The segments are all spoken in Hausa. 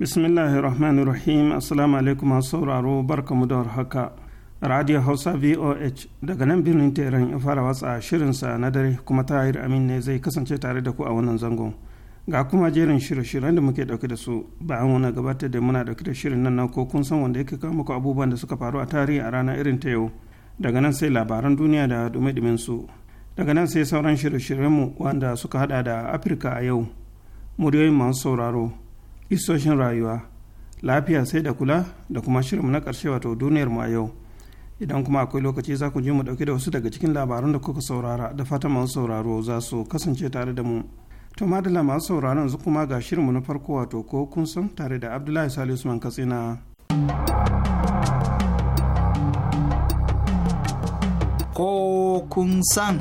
bismillahi rahmanir rahim assalamu alaikum masu sauraro mu da haka radio hausa voh daga nan birnin teran ya fara watsa shirinsa na dare kuma tahir amin ne zai kasance tare da ku a wannan zangon ga kuma jerin shirye-shiryen da muke dauke da su bayan wani gabatar da muna dauke da shirin nan na ko kun san wanda yake kawo muku abubuwan da suka faru a tarihi a rana irin ta yau daga nan sai labaran duniya da dume su daga nan sai sauran shirye-shiryenmu wanda suka hada da afirka a yau muryoyin masu sauraro isoshin rayuwa lafiya sai da kula da kuma shirinmu na ƙarshe wato duniyar mu a yau idan kuma akwai lokaci za ku ji mu dauke da wasu daga cikin labaran da kuka saurara da fatan masu sauraro za su kasance tare da mu to madalla masu sauraron yanzu kuma ga shirinmu na farko wato ko kun san tare da abdullahi salisu usman katsina ko kun san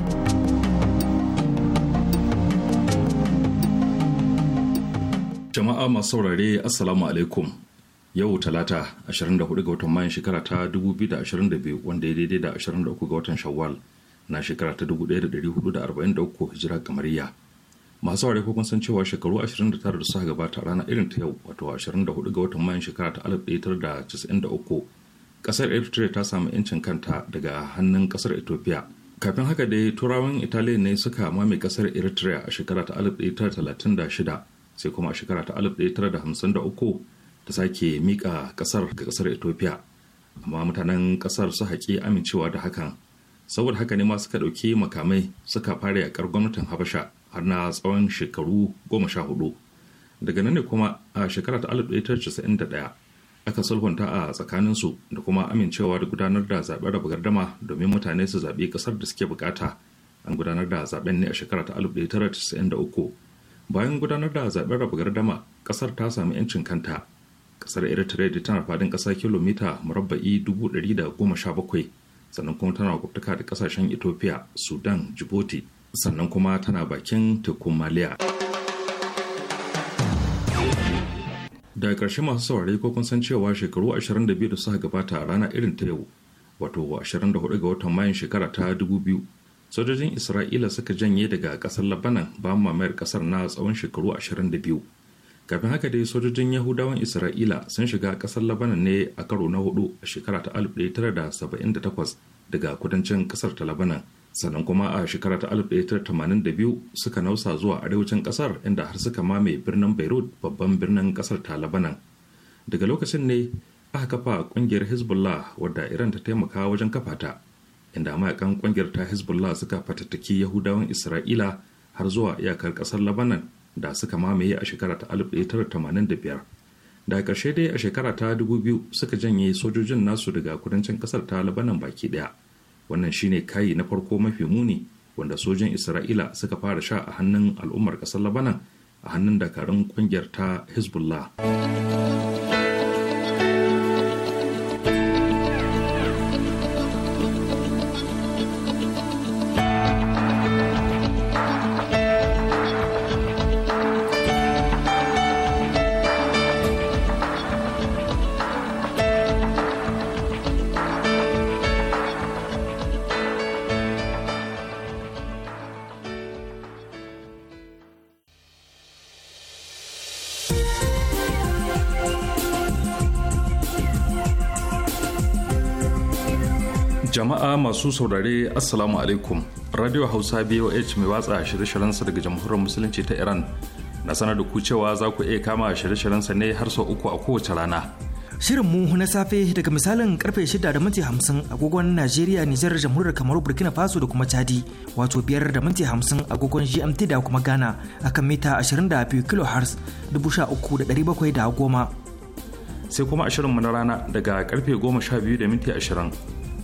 Jama'a masu saurare Assalamu alaikum. Yau Talata 24 ga watan mayan shekara ta 2022 wanda ya daidai da 23 ga watan Shawwal na shekara ta 1443 hijira kamariya. Masu saurare ko kun san cewa shekaru 29 da suka gabata rana irin ta yau wato 24 ga watan mayan shekara ta 1993 kasar eritrea ta samu 'yancin kanta daga hannun kasar ethiopia kafin haka dai turawan italiya ne suka mame kasar eritrea a shekara ta 1936 sai kuma a shekara ta 1953 ta sake mika kasar ga kasar ethiopia amma mutanen kasar su haƙi amincewa da hakan saboda haka ne ma suka ɗauki makamai suka fara yaƙar gwamnatin habasha har na tsawon shekaru goma sha hudu daga nan ne kuma a shekara ta 1991 aka sulhunta a tsakanin su da kuma amincewa da gudanar da zaɓen raba gardama domin mutane su zaɓi ƙasar da suke bukata an gudanar da zaɓen ne a shekara ta 1993 bayan gudanar da zaben raba gardama kasar ta sami yancin kanta kasar eritrea tana fadin kasa kilomita murabba'i 117 sannan kuma tana gwabtaka da kasashen ethiopia sudan djibouti sannan kuma tana bakin tekun maliya daga ƙarshe masu saurari ko kun san cewa shekaru 22 da suka gabata rana irin ta yau wato 24 ga watan mayan shekara ta 2000 sojojin isra'ila suka janye daga kasar labanan bayan mamayar kasar na tsawon shekaru 22 kafin haka dai sojojin yahudawan isra'ila sun shiga kasar labanan ne a karo na hudu a shekara ta 1978 daga kudancin kasar ta labanan sannan kuma a shekara ta 1982 suka nausa zuwa arewacin kasar inda har suka mame birnin beirut babban birnin kasar ta labanan daga lokacin ne aka kafa kungiyar hezbollah wadda iran ta taimaka wajen kafa ta inda mayakan kungiyar ta hezbollah suka fatattaki yahudawan isra'ila har zuwa iyakar kasar labanan da suka mamaye a shekara ta 1985 da ƙarshe dai a shekara ta 2000 suka janye sojojin nasu daga kudancin kasar ta labanan baki daya wannan shine kayi na farko mafi muni wanda sojin isra'ila suka fara sha a hannun al'ummar kasar labanan a hannun dakarun kungiyar ta hezbollah jama'a masu saurare assalamu alaikum radio hausa boh mai watsa shirye-shiryensa daga jamhuriyar musulunci ta iran na sanar da ku cewa za ku iya kama shirye-shiryensa ne har sau uku a kowace rana shirin mu na safe daga misalin karfe shida da minti hamsin agogon najeriya nijar jamhuriyar kamaru burkina faso da kuma chadi wato biyar da minti hamsin agogon gmt da kuma ghana akan mita 22 da goma sai kuma ashirin mu na rana daga karfe goma sha da minti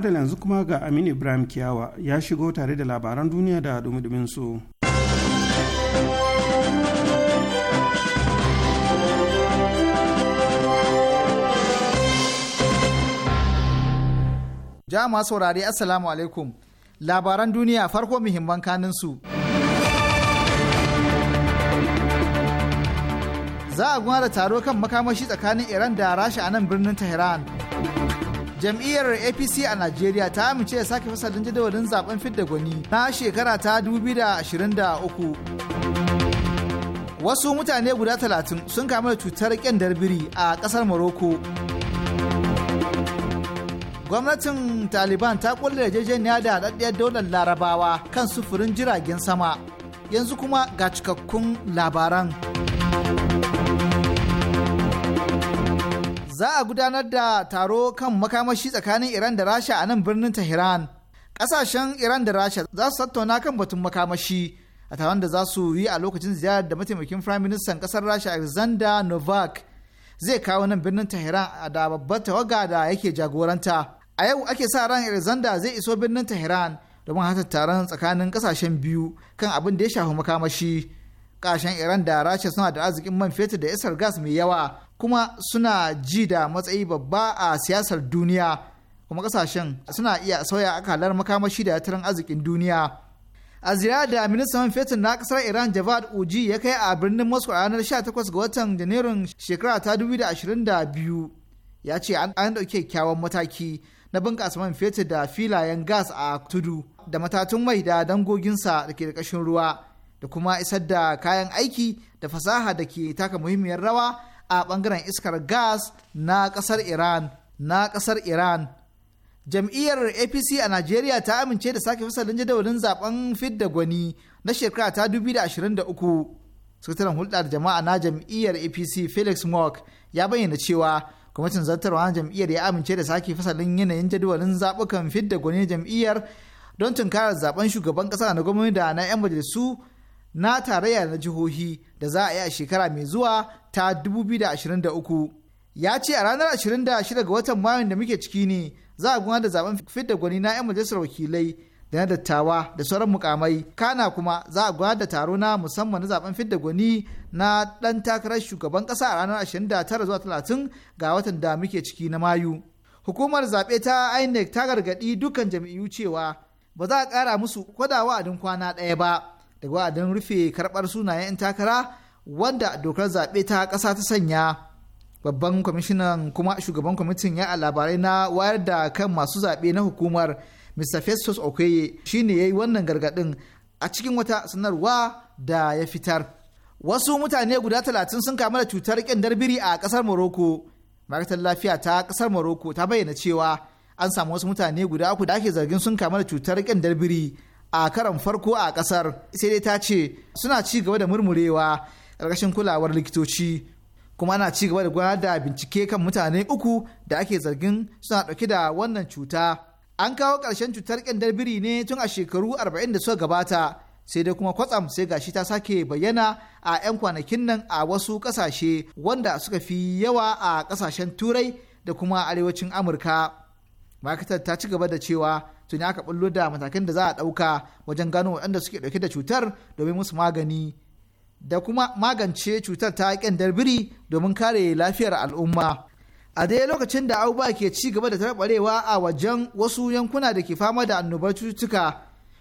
da yanzu kuma ga Aminu Ibrahim Kiyawa ya shigo tare da labaran duniya da dumudumin su. Jama'a saurari Assalamu alaikum. Labaran duniya farko muhimman kanin su. Za a gudanar da taro kan makamashi tsakanin Iran da Rasha a nan birnin Tehran. jam'iyyar apc a najeriya ta amince sake fasadin jadawalin zaben fidda gwani na shekara ta 2023 wasu mutane guda talatin sun kamu da cutar kyandar biri a kasar morocco gwamnatin taliban ta kulle yarjejeniya da haɗaɗɗiyar daular larabawa kan sufurin jiragen sama yanzu kuma ga cikakkun labaran. za a gudanar da taro kan makamashi tsakanin Iran da Rasha a nan birnin Tehran. Kasashen Iran da Rasha za su tattauna kan batun makamashi a taron da za su yi a lokacin ziyarar da mataimakin Firayim Ministan ƙasar Rasha Alexander Novak zai kawo nan birnin Tehran da babbar tawaga da yake jagoranta. A yau ake sa ran Alexander zai iso birnin Tehran domin hata taron tsakanin kasashen biyu kan abin da ya shafi makamashi. kasashen Iran da Rasha suna da arzikin man fetur da isar gas mai yawa kuma suna ji da matsayi babba a siyasar duniya kuma kasashen suna iya sauya akalar makamashi da yatarin arzikin duniya a zira da ministan man fetur na kasar iran javad uji ya kai a birnin moscow a ranar 18 ga watan janairun shekara ta 2022 ya ce an ɗauki kyakkyawan mataki na bunkasa man fetur da filayen gas a tudu da matatun mai da dangoginsa da ke ruwa da kuma isar da kayan aiki da fasaha da ke taka muhimmiyar rawa a bangaren iskar gas na kasar Iran na kasar Iran. Jam'iyyar APC a Najeriya ta amince da sake fasalin jadawalin zaben fidda gwani na shekara ta 2023. Sakataren hulɗa da jama'a na jam'iyyar APC Felix Mock ya bayyana cewa kwamitin zartarwa na jam'iyyar ya amince da sake fasalin yanayin jadawalin zaɓukan fidda gwani jam'iyyar don tunkarar zaben shugaban kasa na gwamnati da na 'yan majalisu na tarayya na jihohi da za a yi a shekara mai zuwa ta 2023 ya ce a ranar 26 ga watan mayun da muke ciki ne za a gudanar da zaben fidda gwani na 'yan majalisar wakilai da na dattawa da sauran mukamai kana kuma za a gudanar da taro na musamman na zaben fidda gwani na dan takarar shugaban kasa a ranar 29 zuwa 30 ga watan da muke ciki na mayu hukumar zaɓe ta inec ta gargaɗi dukkan jam'iyyu cewa ba za a ƙara musu kwadawa a kwana ɗaya ba daga wa'adin rufe karɓar sunayen takara wanda dokar zaɓe ta ƙasa ta sanya babban kwamishinan kuma shugaban kwamitin ya labarai na wayar da kan masu zaɓe na hukumar mr festus okoye shine ya yi wannan gargaɗin a cikin wata sanarwa da ya fitar wasu mutane guda talatin sun kamu da cutar ƙyandar biri a ƙasar morocco ma'aikatar lafiya ta ƙasar morocco ta bayyana cewa an samu wasu mutane guda uku da ake zargin sun kamu da cutar ƙyandar biri a karon farko a ƙasar sai dai ta ce suna ci gaba da murmurewa ƙarƙashin kulawar likitoci kuma ana ci gaba da gudanar da bincike kan mutane uku da ake zargin suna ɗauke da wannan cuta an kawo ƙarshen cutar ƙyandar biri ne tun a shekaru arba'in da suka gabata sai dai kuma kwatsam sai gashi ta sake bayyana a 'yan kwanakin nan a wasu kasashe wanda suka fi yawa a ƙasashen turai da kuma arewacin amurka ma'aikatar ta ci gaba da cewa tuni aka bullo da matakan da za a ɗauka wajen gano waɗanda suke ɗauke da cutar domin musu magani da kuma magance cutar ta ƙyandar biri domin kare lafiyar al'umma. A dai lokacin da Auba ke ci gaba da tarbarewa a wajen wasu yankuna da ke fama da annobar cututtuka,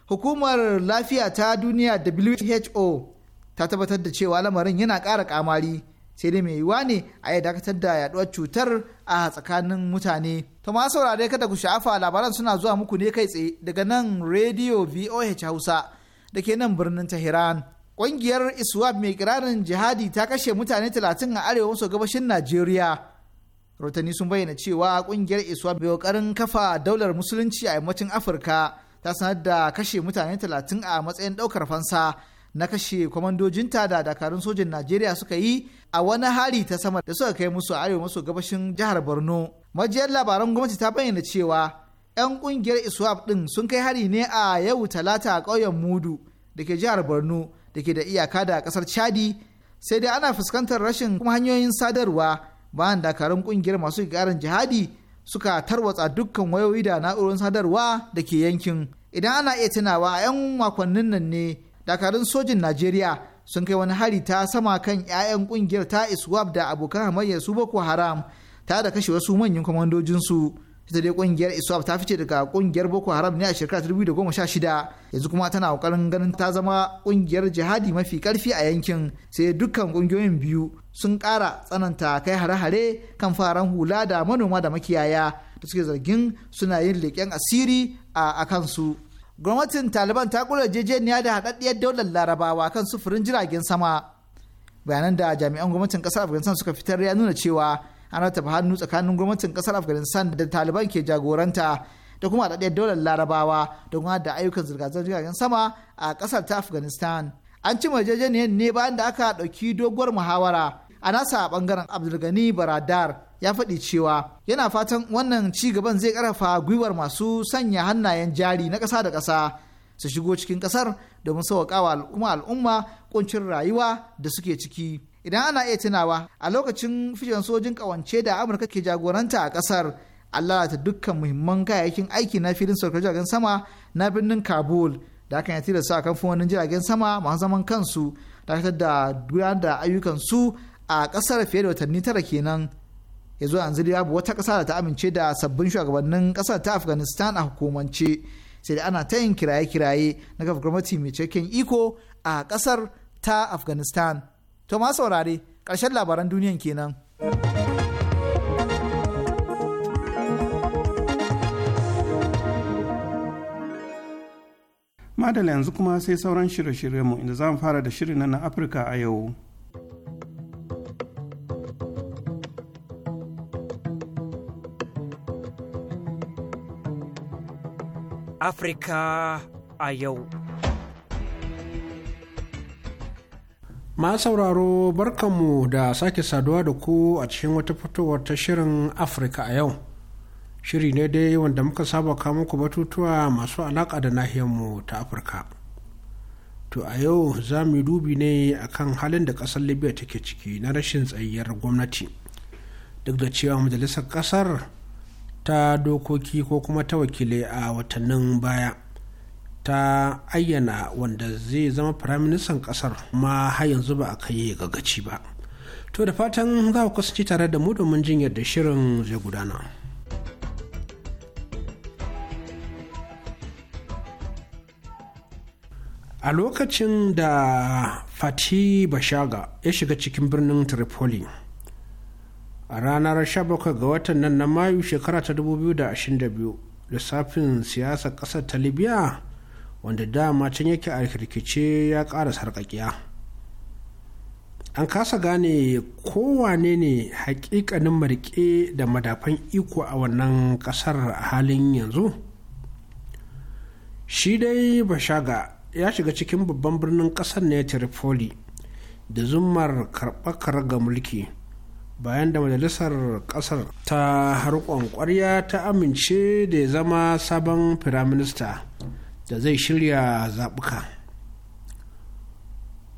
hukumar lafiya ta duniya WHO ta tabbatar da cewa lamarin yana ƙara kamari sai dai mai yiwuwa ne a yi dakatar da yaduwar cutar a tsakanin mutane. To ma saurare kada ku sha'afa labaran suna zuwa muku ne kai tsaye daga nan Radio VOH Hausa da ke nan birnin Tehran. Ƙungiyar Iswap mai kirarin jihadi ta kashe mutane 30 a arewa maso gabashin Najeriya. Rotani sun bayyana cewa ƙungiyar Iswap mai kokarin kafa daular musulunci a yammacin Afirka ta sanar da kashe mutane 30 a matsayin ɗaukar fansa na kashe kwamandojinta da dakarun sojin Najeriya suka yi a wani hari ta sama da suka kai musu a arewa maso gabashin jihar Borno. Majiyar labaran gwamnati ta bayyana cewa 'yan kungiyar iswap din sun kai hari ne a yau talata a ƙauyen mudu da ke jihar borno da ke da iyaka da kasar chadi sai dai ana fuskantar rashin kuma hanyoyin sadarwa bayan dakarun kungiyar masu gyaran jihadi suka tarwatsa dukkan wayoyi da na'urorin sadarwa da ke yankin idan ana iya tunawa a 'yan makonnin nan ne dakarun sojin najeriya sun kai wani hari ta sama kan 'ya'yan kungiyar ta iswab da abokan hamayyar su boko haram ta da kashe wasu manyan kwamandojinsu ita dai kungiyar iswap ta fice daga kungiyar boko haram ne a shekara 2016 yanzu kuma tana kokarin ganin ta zama kungiyar jihadi mafi karfi a yankin sai dukkan kungiyoyin biyu sun kara tsananta kai hare-hare kan faran hula da manoma da makiyaya da suke zargin suna yin leƙen asiri a kansu gwamnatin taliban ta kula jejeniya da haɗaɗɗiyar daular larabawa kan sufurin jiragen sama bayanan da jami'an gwamnatin ƙasar afghanistan suka fitar ya nuna cewa ana tafi hannu tsakanin gwamnatin kasar afghanistan da taliban ke jagoranta da kuma haɗaɗɗiyar daular larabawa don kuma da ayyukan zirga-zirgar sama a ƙasar ta afghanistan an ci yarjejeniyar ne bayan da aka ɗauki doguwar muhawara a nasa a ɓangaren abdulgani baradar ya faɗi cewa yana fatan wannan ci gaban zai ƙarfafa gwiwar masu sanya hannayen jari na ƙasa da ƙasa su shigo cikin ƙasar domin wa al'umma al'umma ƙuncin rayuwa da suke ciki idan ana iya tunawa a lokacin fijan sojin kawance da amurka ke jagoranta a kasar allah lalata dukkan muhimman kayayyakin aiki na filin saukar jiragen sama na birnin kabul da su a kan kamfanonin jiragen sama masu zaman kansu dakatar da gudanar da ayyukan su a kasar fiye da watanni tara kenan ya zo yanzu babu wata kasa da ta amince da sabbin shugabannin kasar ta afghanistan a hukumance sai da ana ta yin kiraye-kiraye na kafa gwamnati mai cikakken iko a kasar ta afghanistan To ma saurare ƙarshen labaran duniyan kenan. Madala yanzu kuma sai sauran shirye-shiryenmu inda za mu fara da shirin na Afirka a yau. Afirka a yau. ma sauraro barkanmu da sake saduwa da ku a cikin wata fitowar ta shirin afirka a yau shiri ne dai wanda muka saba kawo muku batutuwa masu alaƙa da nahiyarmu ta afirka to a yau za mu yi dubi ne akan halin da ƙasar libya take ciki na rashin tsayayyar gwamnati duk da cewa majalisar ƙasar ta dokoki ko kuma ta wakilai a watannin baya ta ayyana wanda zai zama firaministan kasar ma har yanzu ba a kai gagaci ba to da fatan za ku kasance tare da mu domin jin yadda shirin zai gudana a lokacin da fati bashaga ya shiga cikin birnin tripoli a ranar 17 ga watan nan na mayu shekara ta 2022 lissafin siyasar ƙasar ta libya wanda dama can yake a rikice ya ƙara sarƙaƙiya an kasa gane kowane ne hakikanin marike da madafan iko a wannan ƙasar halin yanzu shi dai bashaga ya shiga cikin babban birnin ƙasar ne tripoli da zumar karɓakar ga mulki bayan da majalisar ƙasar ta harkon ƙwarya ta amince da ya zama sabon firaminista. da zai shirya zaɓuka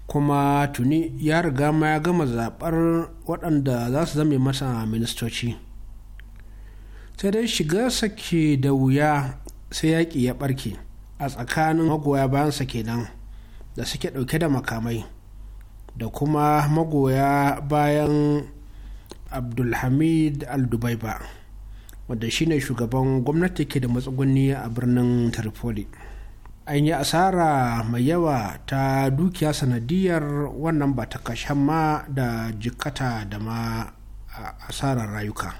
kuma tuni ya riga ma ya gama zaɓar waɗanda za su zame masa ministoci sai dai shiga sake da wuya sai yaƙi ya ɓarke a tsakanin magoya bayansa kenan da suke ɗauke da makamai da kuma magoya bayan abdulhamid al-dubaiba wadda shine shugaban gwamnati ke da matsugunni a birnin tripoli an yi asara mai yawa ta dukiya sanadiyar wannan ba ta ma da jikata da ma asarar rayuka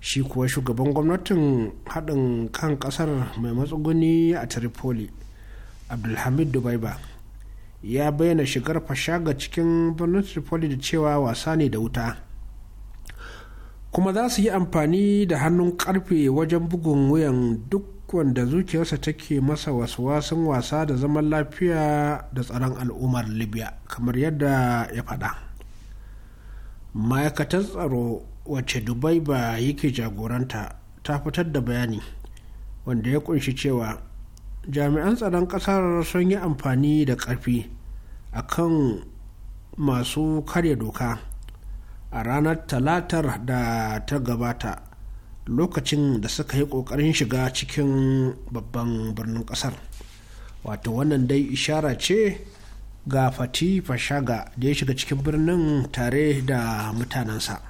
shi kuwa shugaban gwamnatin haɗin kan ƙasar mai matsuguni a tripoli abdulhamid dubaiba ya bayyana shigar fashaga cikin birnin tripoli da cewa wasa ne da wuta kuma za su yi amfani da hannun ƙarfe wajen bugun wuyan duk wanda zuciyarsa take masa wasan wasa da zaman lafiya da tsaron al'ummar libya kamar yadda ya faɗa ma'aikatar tsaro wacce dubai ba yake jagoranta ta fitar da bayani wanda ya kunshi cewa jami'an tsaron ƙasar sun yi amfani da ƙarfi kan masu karya doka a ranar talatar da ta gabata lokacin da suka yi ƙoƙarin shiga cikin babban birnin ƙasar wato wannan dai ishara ce ga fati fashaga da ya shiga cikin birnin tare da mutanensa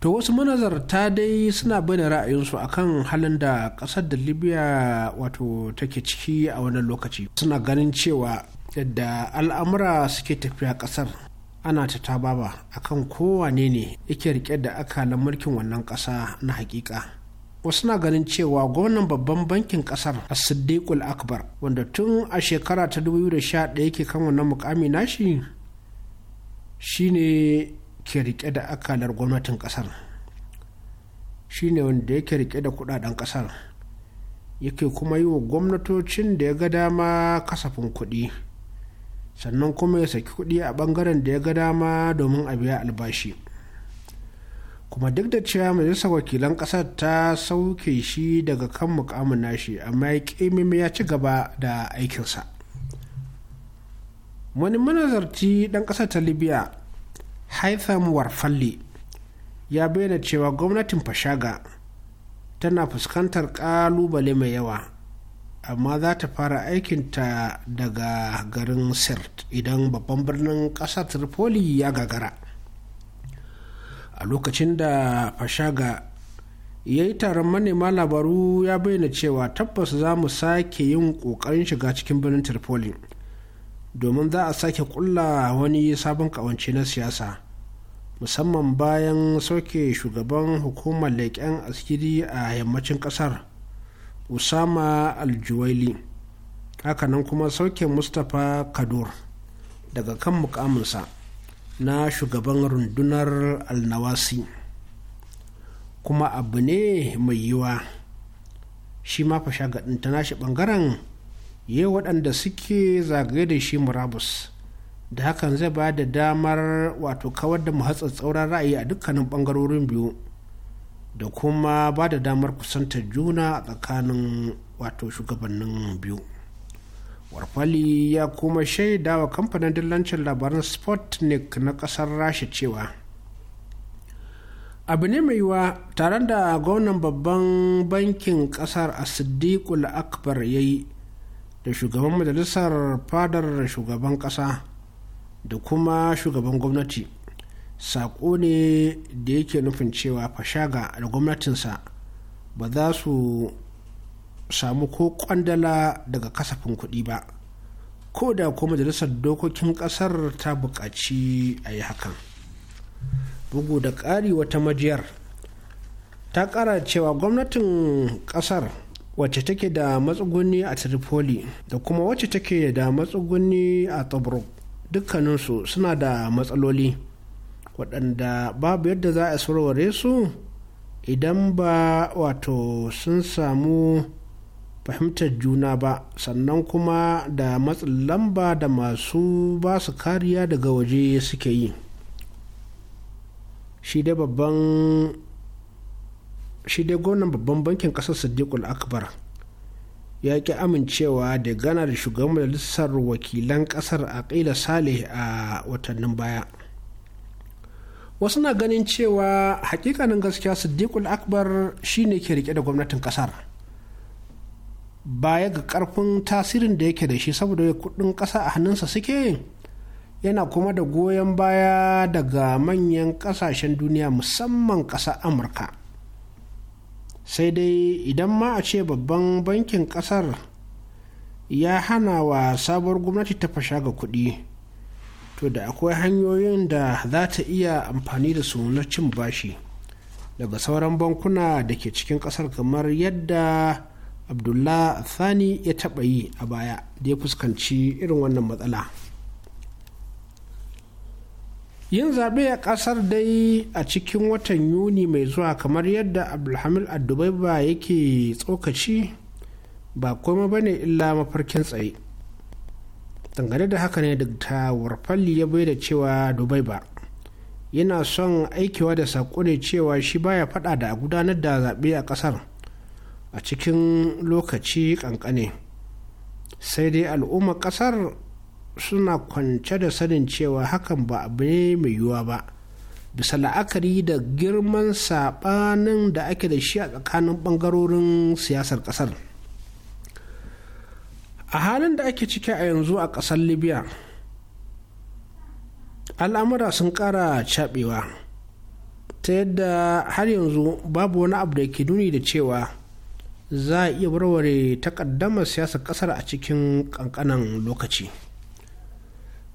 to wasu manazarta dai suna bayyana ra'ayinsu akan halin da ƙasar da libya wato take ciki a wannan lokaci suna ganin cewa yadda al'amura suke tafiya ƙasar ana ta tababa akan kowane ne yake rike da akalan mulkin wannan ƙasa na hakika. wasu na ganin cewa gwamnan babban bankin kasar a siddiqul akbar wanda tun a shekara ta 2011 yake kan wannan mukami nashi shine ke rike da akalar gwamnatin kasar shine wanda yake rike da kudaden kasar yake kuma yi wa gwamnatocin da ya ga dama kasafin kuɗi sannan kuma ya saki kuɗi a ɓangaren da ya ga dama domin a biya albashi kuma duk da cewa majalisar wakilan ƙasar ta sauke shi daga kan mukamin nashi amma ya ƙimimi ya ci gaba da aikinsa wani manazarci ɗan ƙasar ta libya haitham warfalli ya bayyana cewa gwamnatin fashaga tana fuskantar ƙalubale mai yawa amma za ta fara aikinta daga garin sirt idan babban birnin ƙasar tripoli ya gagara a lokacin da fashaga ya yi taron manema labaru ya bayyana cewa tabbas za mu sake yin ƙoƙarin shiga cikin birnin tripoli domin za a sake kulla wani sabon ƙawance na siyasa musamman bayan sauke shugaban hukumar leƙen askiri a yammacin ƙasar usama aljuwaili hakanan kuma sauke mustapha kadur daga kan mukaminsa na shugaban rundunar alnawasi kuma abu ne mai yiwa shi ma fashagadin ta nashi bangaren yi waɗanda suke zagaye da shi murabus da hakan zai ba da damar wato kawar da mu tsauran ra'ayi a dukkanin bangarorin biyu da kuma ba da damar kusantar juna a tsakanin wato shugabannin biyu warfali ya kuma shaida wa kamfanin dillancin labaran sputnik na kasar rasha cewa abu ne mai yiwa tare da gwamnan babban bankin kasar a asidikul akbar ya yi da shugaban majalisar fadar shugaban kasa da kuma shugaban gwamnati saƙo ne da yake nufin cewa fashaga da gwamnatinsa ba za su samu ko kwandala daga kasafin kuɗi ba ko da ko majalisar dokokin ƙasar ta buƙaci a yi hakan bugu da ƙari wata majiyar ta ƙara cewa gwamnatin ƙasar wacce take da matsuguni a tripoli da kuma wacce take da matsuguni a tobruk dukkaninsu suna da matsaloli waɗanda babu yadda za a sarware su idan ba wato sun samu fahimtar juna ba sannan kuma da matsin lamba da masu ba su kariya daga waje suke yi shi dai gwamnan babban bankin ƙasar sadiqul akbar ya ƙi amincewa da gana da shugaban majalisar wakilan ƙasar aqila saleh a watannin baya wasu na ganin cewa hakikanin gaskiya siddiqul akbar shine ke rike da gwamnatin kasar baya ga karfin tasirin da yake da shi saboda kudin kasa a hannunsa suke yana kuma da goyon baya daga manyan kasashen duniya musamman kasa amurka sai dai idan ma a ce babban bankin kasar ya hana wa sabuwar gwamnati ta fasha ga kuɗi to da akwai hanyoyin da za ta iya amfani da su na cin bashi daga sauran bankuna da ke cikin kasar kamar yadda abdullah sani ya taɓa yi a baya da ya fuskanci irin wannan matsala yin zaɓe a ƙasar dai a cikin watan yuni mai zuwa kamar yadda addubai ba yake tsokaci ba kuma bane illa mafarkin tsaye dangane da haka ne dr warfalli ya bai da cewa dubai ba yana son aikewa da sako ne cewa shi baya faɗa da gudanar da zaɓe a ƙasar a cikin lokaci ƙanƙane sai dai al'ummar ƙasar suna kwance da sanin cewa hakan ba abu ne mai yiwuwa ba bisa la'akari da girman saɓanin da ake da shi a tsakanin ɓangarorin siyasar ƙasar. a halin da ake ciki a yanzu a ƙasar libya al'amura sun ƙara caɓewa ta yadda har yanzu babu wani abu da ke nuni da cewa za a iya warware takaddama siyasar ƙasar a cikin ƙanƙanan lokaci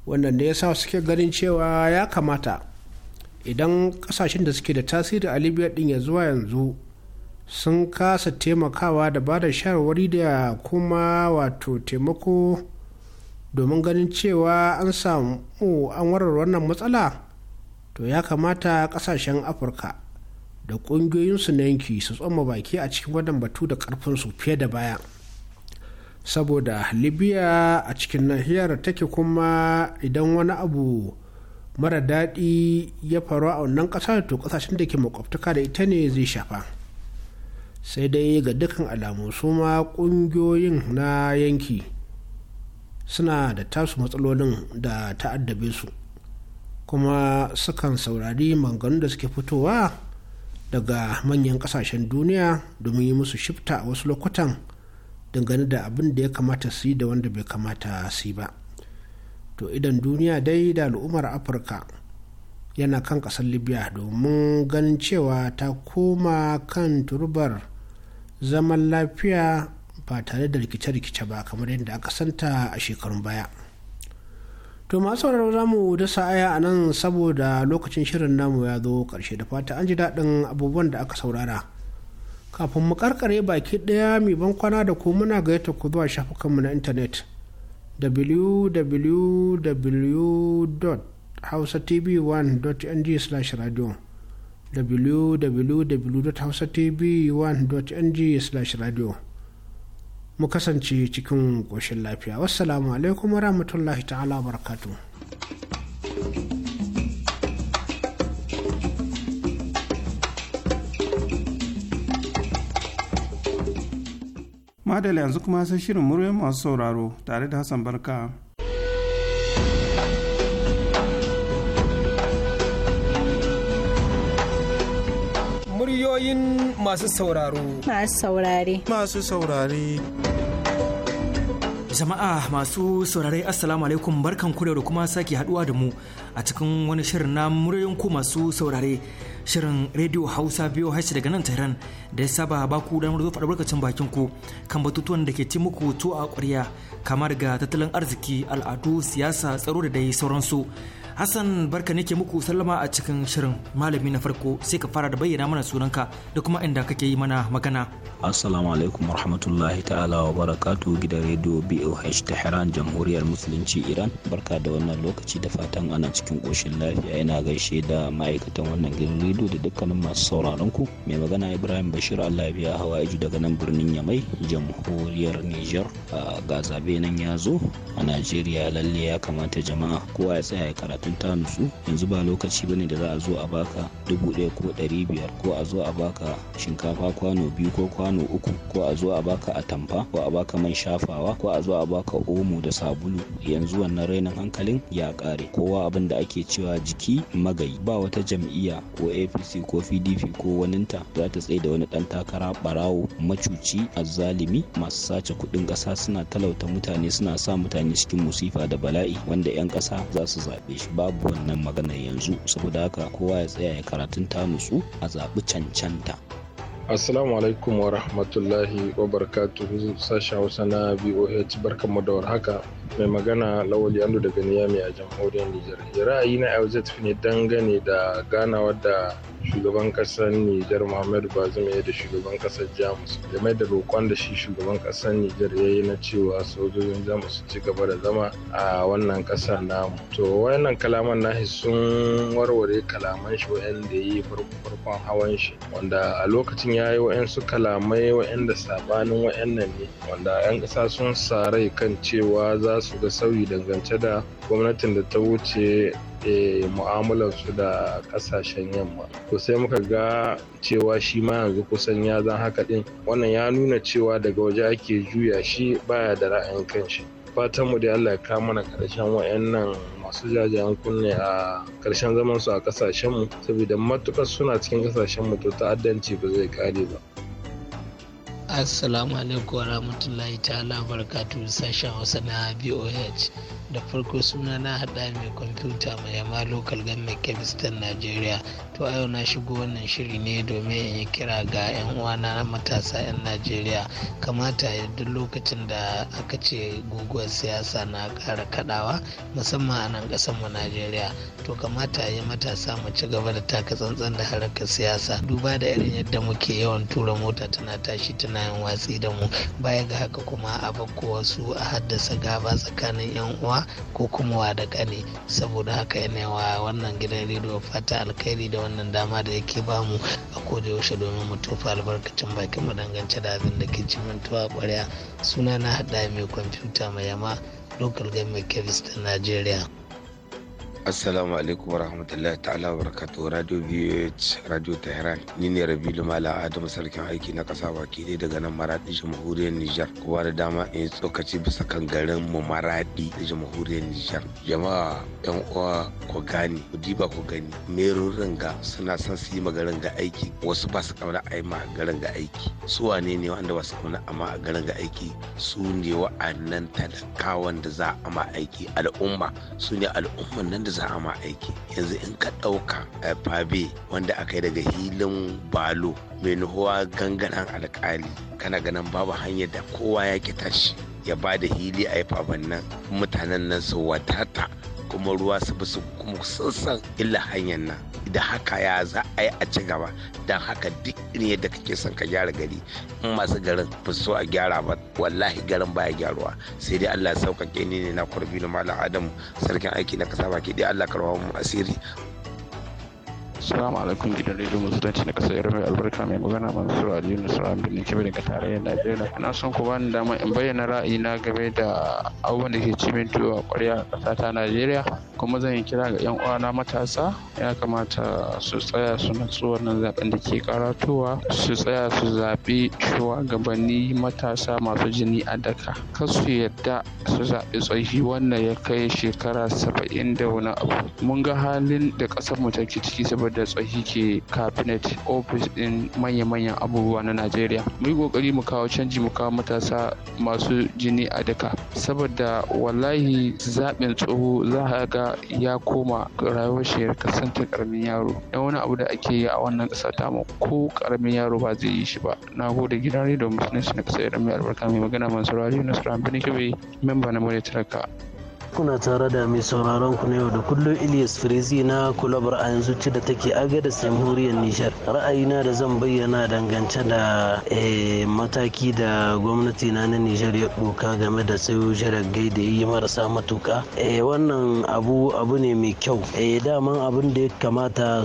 wannan da ya sa suke ganin cewa ya kamata idan ƙasashen da suke da tasiri a libya ɗin ya zuwa yanzu sun kasa taimakawa da ba da shawarwari da kuma wato taimako domin ganin cewa an samu an warar wannan matsala to ya kamata kasashen afirka da ƙungiyoyinsu na yanki su tsoma baki a cikin wannan batu da ƙarfinsu fiye da baya saboda libya a cikin nahiyar take kuma idan wani abu mara daɗi ya faru a wannan ƙasar to ƙasashen da ke makwabtaka da ita ne zai shafa. sai dai ga dukkan alamu su ma ƙungiyoyin na yanki suna da tasu matsalolin da ta'addabe su kuma sukan saurari manganu da suke fitowa daga manyan kasashen duniya domin yi musu shifta a wasu lokutan dangane da abin da ya kamata su yi da wanda bai kamata su yi ba to idan duniya dai da al'ummar afirka yana kan ƙasar libya domin ganin cewa ta koma kan turbar zaman lafiya ba tare da rikice-rikice ba kamar yadda aka santa a shekarun baya to masu sauraro za mu dasa aya a nan saboda lokacin shirin namu ya zo karshe da fata an ji daɗin abubuwan da aka saurara. kafin mu karkare baki ɗaya mai ban kwana da ku muna gayyata ku zuwa shafukanmu na intanet www hausa hausatv1.ng/radio www.hausatv1.ng/radio mu kasance cikin ƙoshin lafiya wassalamu alaikum rahmatullahi ta'ala barakatu madala yanzu kuma sai shirin muryoyin masu sauraro tare da hassan barka muryoyin masu sauraro. Masu saurare. Masu saurare. Jama'a masu saurare Assalamu alaikum barkan ku da kuma sake haduwa da mu a cikin wani shirin na muryoyin ku masu saurare shirin rediyo Hausa biyu hashi daga nan Tehran da ya saba baku don damar zo barkacin bakin ku kan batutuwan da ke ci muku to a kwarya kamar ga tattalin arziki, al'adu, siyasa, tsaro da dai sauransu. Hassan barka ne ke muku sallama a cikin shirin malami na farko sai ka fara da bayyana mana sunanka da kuma inda kake yi mana magana. Assalamu alaikum warahmatullahi ta'ala wa barakatu gidan rediyo BOH Tehran Jamhuriyar Musulunci Iran. Barka da wannan lokaci da fatan ana cikin koshin lafiya ina gaishe da ma'aikatan wannan gidan rediyo da dukkanin masu sauraron ku. Mai magana Ibrahim Bashir Allah ya biya hawa daga nan birnin Yamai Jamhuriyar Niger ah, ga zabe nan ya zo a Najeriya lalle ya kamata jama'a kowa ya tsaya ya karatu in ta nutsu yanzu ba lokaci bane da za a zo a baka dubu ɗaya ko ɗari biyar ko a zo a baka shinkafa kwano biyu ko kwano uku ko a zo a baka atamfa ko a baka man shafawa ko a zo a baka omo da sabulu yanzu wannan rainin hankalin ya ƙare kowa abin da ake cewa jiki magayi ba wata jam'iyya ko apc ko pdp ko waninta za ta tsaye da wani ɗan takara ɓarawo macuci azzalimi masu sace kuɗin ƙasa suna talauta mutane suna sa mutane cikin musifa da bala'i wanda 'yan ƙasa za su zaɓe shi babu wannan magana yanzu saboda haka kowa ya tsaya ya karatun ta nutsu a zaɓi cancanta Assalamu alaikum wa rahmatullahi wa barakatuhu sashen Hausa na BOH barkanmu da warhaka mai magana lawali andu daga niyami a jamhuriyar nijar ra'ayi na lzf ne dangane da ganawar da shugaban kasar nijar muhammadu Bazoum ya da shugaban kasar jamus game da roƙon da shi shugaban kasar nijar ya yi na cewa sojojin jamus su ci gaba da zama a wannan kasa namu to wannan kalaman nahi sun warware kalaman shi wa'anda ya yi farkon hawan shi wanda a lokacin ya yi wa'ansu kalamai wa'anda sabanin wa'annan ne wanda 'yan ƙasa sun sa rai kan cewa za za su ga sauyi dangance da gwamnatin da ta wuce e, mu'amalarsu da kasashen yamma to sai muka ga cewa shi ma yanzu kusan ya zan haka din wannan ya nuna cewa daga waje ake juya shi baya da ra'ayin kanshi fatanmu da Allah ya kawo mana karshen wayannan masu jajayen kunne a karshen zaman su a mu saboda matukar suna cikin mu to ta'addanci ba zai kare ba Assalamu alaikum warahmatullahi rahmatullahi ta'ala barakatuhu sashen Hausa na BOH. da farko suna na hada mai kwamfuta mai yama lokal gannan kebistan najeriya to a yau na shigo wannan shiri ne domin in yi kira ga 'yan uwana na matasa 'yan najeriya kamata duk lokacin da aka ce guguwar siyasa na kara kaɗawa musamman a nan mu najeriya to kamata ya matasa mu ci gaba da taka tsantsan da harkar siyasa duba da irin yadda muke yawan tura mota tana tashi tana yin watsi da mu baya ga haka kuma a bakko wasu a haddasa gaba tsakanin 'yan uwa ko kuma wa da kane saboda haka yana wa wannan gidan rediyo fata alkhairi da wannan dama da yake bamu a koda yaushe domin mu tofa albarkacin bakin mu dangance da abin da ke ci mantuwa kwarya suna na hada mai kwamfuta mai yama local government kebis ta najeriya Assalamu alaikum warahmatullahi ta'ala barakatuh Radio VOH Radio Tehran ni ne Rabilu Malam Adamu sarkin aiki na kasa baki dai daga nan Maradi Jamhuriyar Nijar kuma da dama in tsokaci bisa kan garin mu Maradi da Jamhuriyar Nijar jama'a yan uwa ku gani ku diba ku gani merurin ga suna son su yi garin ga aiki wasu ba su kamar a yi ma garin ga aiki su wane ne wanda ba su kamar a ma garin ga aiki su ne wa'annan talakawan da za a ma aiki al'umma su ne al'umman nan da da za a ma aiki yanzu in ka ɗauka eh, fabe wanda aka yi daga hilin balo mai nuhuwa ganganan alkali kana ganin babu hanyar da kowa ya ƙi tashi ya ba da hili a yi faban mutanen nan su wadata kuma ruwa su bi su kuma sun san illa hanyar nan da haka ya za a yi a ci gaba don haka duk ne yadda kake son ka gyara gari in masu garin ba so a gyara ba wallahi garin baya gyaruwa sai dai Allah ya sauƙaƙe ni ne na na malam Adamu sarkin aiki na kasa baki dai Allah karwa mu asiri Assalamu alaikum gidan rediyo musulunci na kasar Yarmai albarka mai magana Mansur Ali Nusra Birnin kebe daga tarayyar Najeriya. Ina son ku bani dama in bayyana ra'ayina game da abubuwan da ke cimin tuwo a ƙwarya a ƙasa ta Najeriya. Kuma zan yi kira ga 'yan uwana matasa ya kamata su tsaya su natsu wannan zaɓen da ke karatowa su tsaya su zaɓi shugabanni matasa masu jini a daka. Kar su yadda su zaɓi tsohi wannan ya kai shekara saba'in da wani abu. Mun ga halin da ƙasar mu take ciki saboda da tsohi ke cabinet office din manya-manyan abubuwa na najeriya mu yi kokari mu kawo canji mu kawo matasa masu jini a daka saboda wallahi zaɓin tsoho za a ga ya koma rayuwar shi kasance karamin yaro dan wani abu da ake yi a wannan ƙasa ta mu ko karamin yaro ba zai yi shi ba na gode gidan rediyo musulunci na ƙasar iran mai albarka mai magana mansur aliyu nasu rambani kebe memba na murya talaka kuna tare da mai sauraron ku na yau da kullum ilias Firizi na kulabar a yanzu ci da take da jamhuriyar Nijar. Ra'ayina da zan bayyana dangance da eh, mataki da gwamnati na na Nijar ya doka game da sayo jiragai da yi marasa matuka. Eh, wannan abu abu ne mai kyau. Eh, daman abin da ya kamata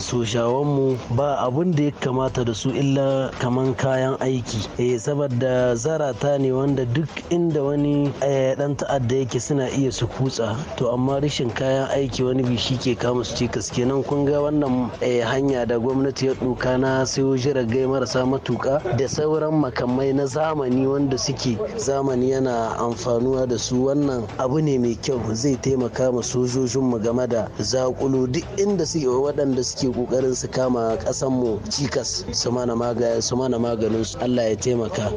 mu ba abin da ya kamata da su illa kaman kayan aiki. saboda zarata ne wanda duk inda wani ɗan ta'adda yake suna iya su kutsa kutsa to amma rashin kayan aiki wani bi shi ke kama su cikas kenan kun ga wannan eh, hanya da gwamnati ya ɗuka na sayo jiragai marasa matuka da sauran makamai na zamani wanda suke zamani yana amfanuwa da su wannan abu ne mai kyau zai taimaka ma sojojin mu game da zakulu duk inda suke waɗanda suke kokarin su kama ƙasan mu cikas su mana maganin su Allah ya taimaka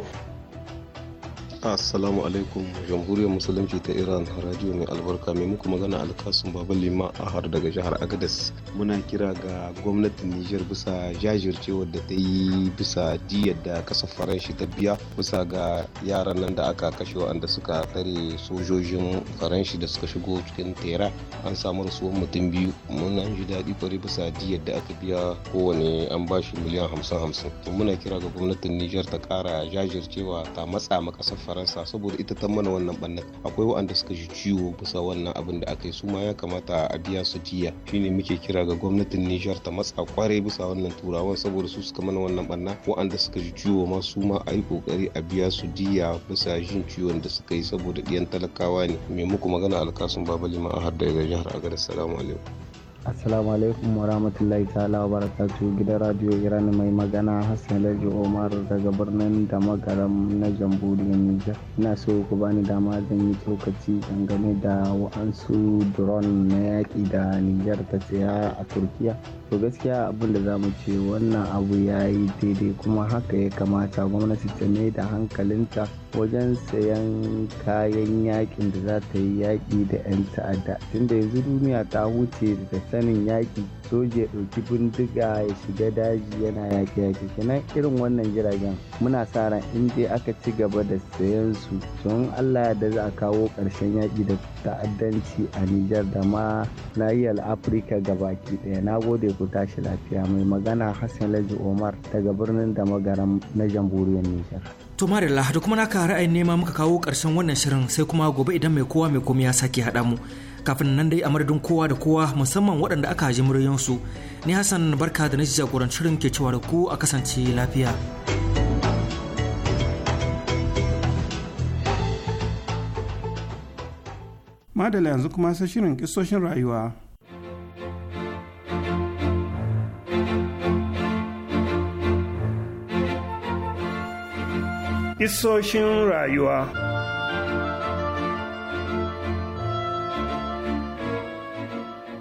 assalamu alaikum jamhuriyar musulunci ta iran radio mai albarka mai muku magana alkasun baba lima har daga jihar agadas muna kira ga gwamnatin niger bisa jajircewar da ta yi bisa diyar da kasa faranshi ta biya bisa ga yaran nan da aka kashe wanda suka tsare sojojin faranshi da suka shigo cikin tera an samu rasuwar mutum biyu muna ji daɗi kwarai bisa diyar da aka biya kowane an bashi miliyan hamsin hamsin muna kira ga gwamnatin niger ta ƙara jajircewa ta matsa ma ƙasar faransa saboda ita ta mana wannan bannan akwai wa'anda suka ji ciwo bisa wannan abin da aka yi su ma ya kamata a biya su jiya shine muke kira ga gwamnatin nijar ta matsa kwarai bisa wannan turawan saboda su suka mana wannan bannan wa'anda suka ji ciwo ma su ma a yi kokari a biya su jiya bisa jin ciwon da suka yi saboda ɗiyan talakawa ne me muku magana alkasun babali ma a har da jihar agadar salamu alaikum Assalamu alaikum wa rahmatullahi ta'ala wa barakatu gidan radio Iran mai magana Hassan Laji Omar daga birnin da magaram na jamhuriyar Nijar. Ina so ku bani dama zan yi tsokaci dangane da wa'ansu drone na yaƙi da Nijar ta tsaya a Turkiya. to gaskiya abin da zamu ce wannan abu ya yi daidai kuma haka ya kamata gwamnati ta mai da hankalinta wajen sayan kayan yakin da za ta yi yaki da 'yan ta'adda tunda yanzu duniya ta huce da sanin yaki. soja ya ɗauki bindiga ya shiga daji yana yaƙi yaƙi kenan irin wannan jiragen muna sa ran in dai aka ci gaba da sayan su don allah da za a kawo ƙarshen yaƙi da ta'addanci a nijar da ma nahiyar afirka baki ɗaya na gode ku tashi lafiya mai magana hassan laji omar daga birnin da magaram na jamhuriyar nijar To mara da kuma naka ra'ayin nema muka kawo ƙarshen wannan shirin sai kuma gobe idan mai kowa mai komai ya sake haɗa mu. kafin nan dai a madadin kowa da kowa musamman waɗanda aka ji muryoyinsu ni hassan barka da na jagorancin ke cewa da ku a kasance lafiya madala yanzu kuma sai shirin kisoshin rayuwa isoshin rayuwa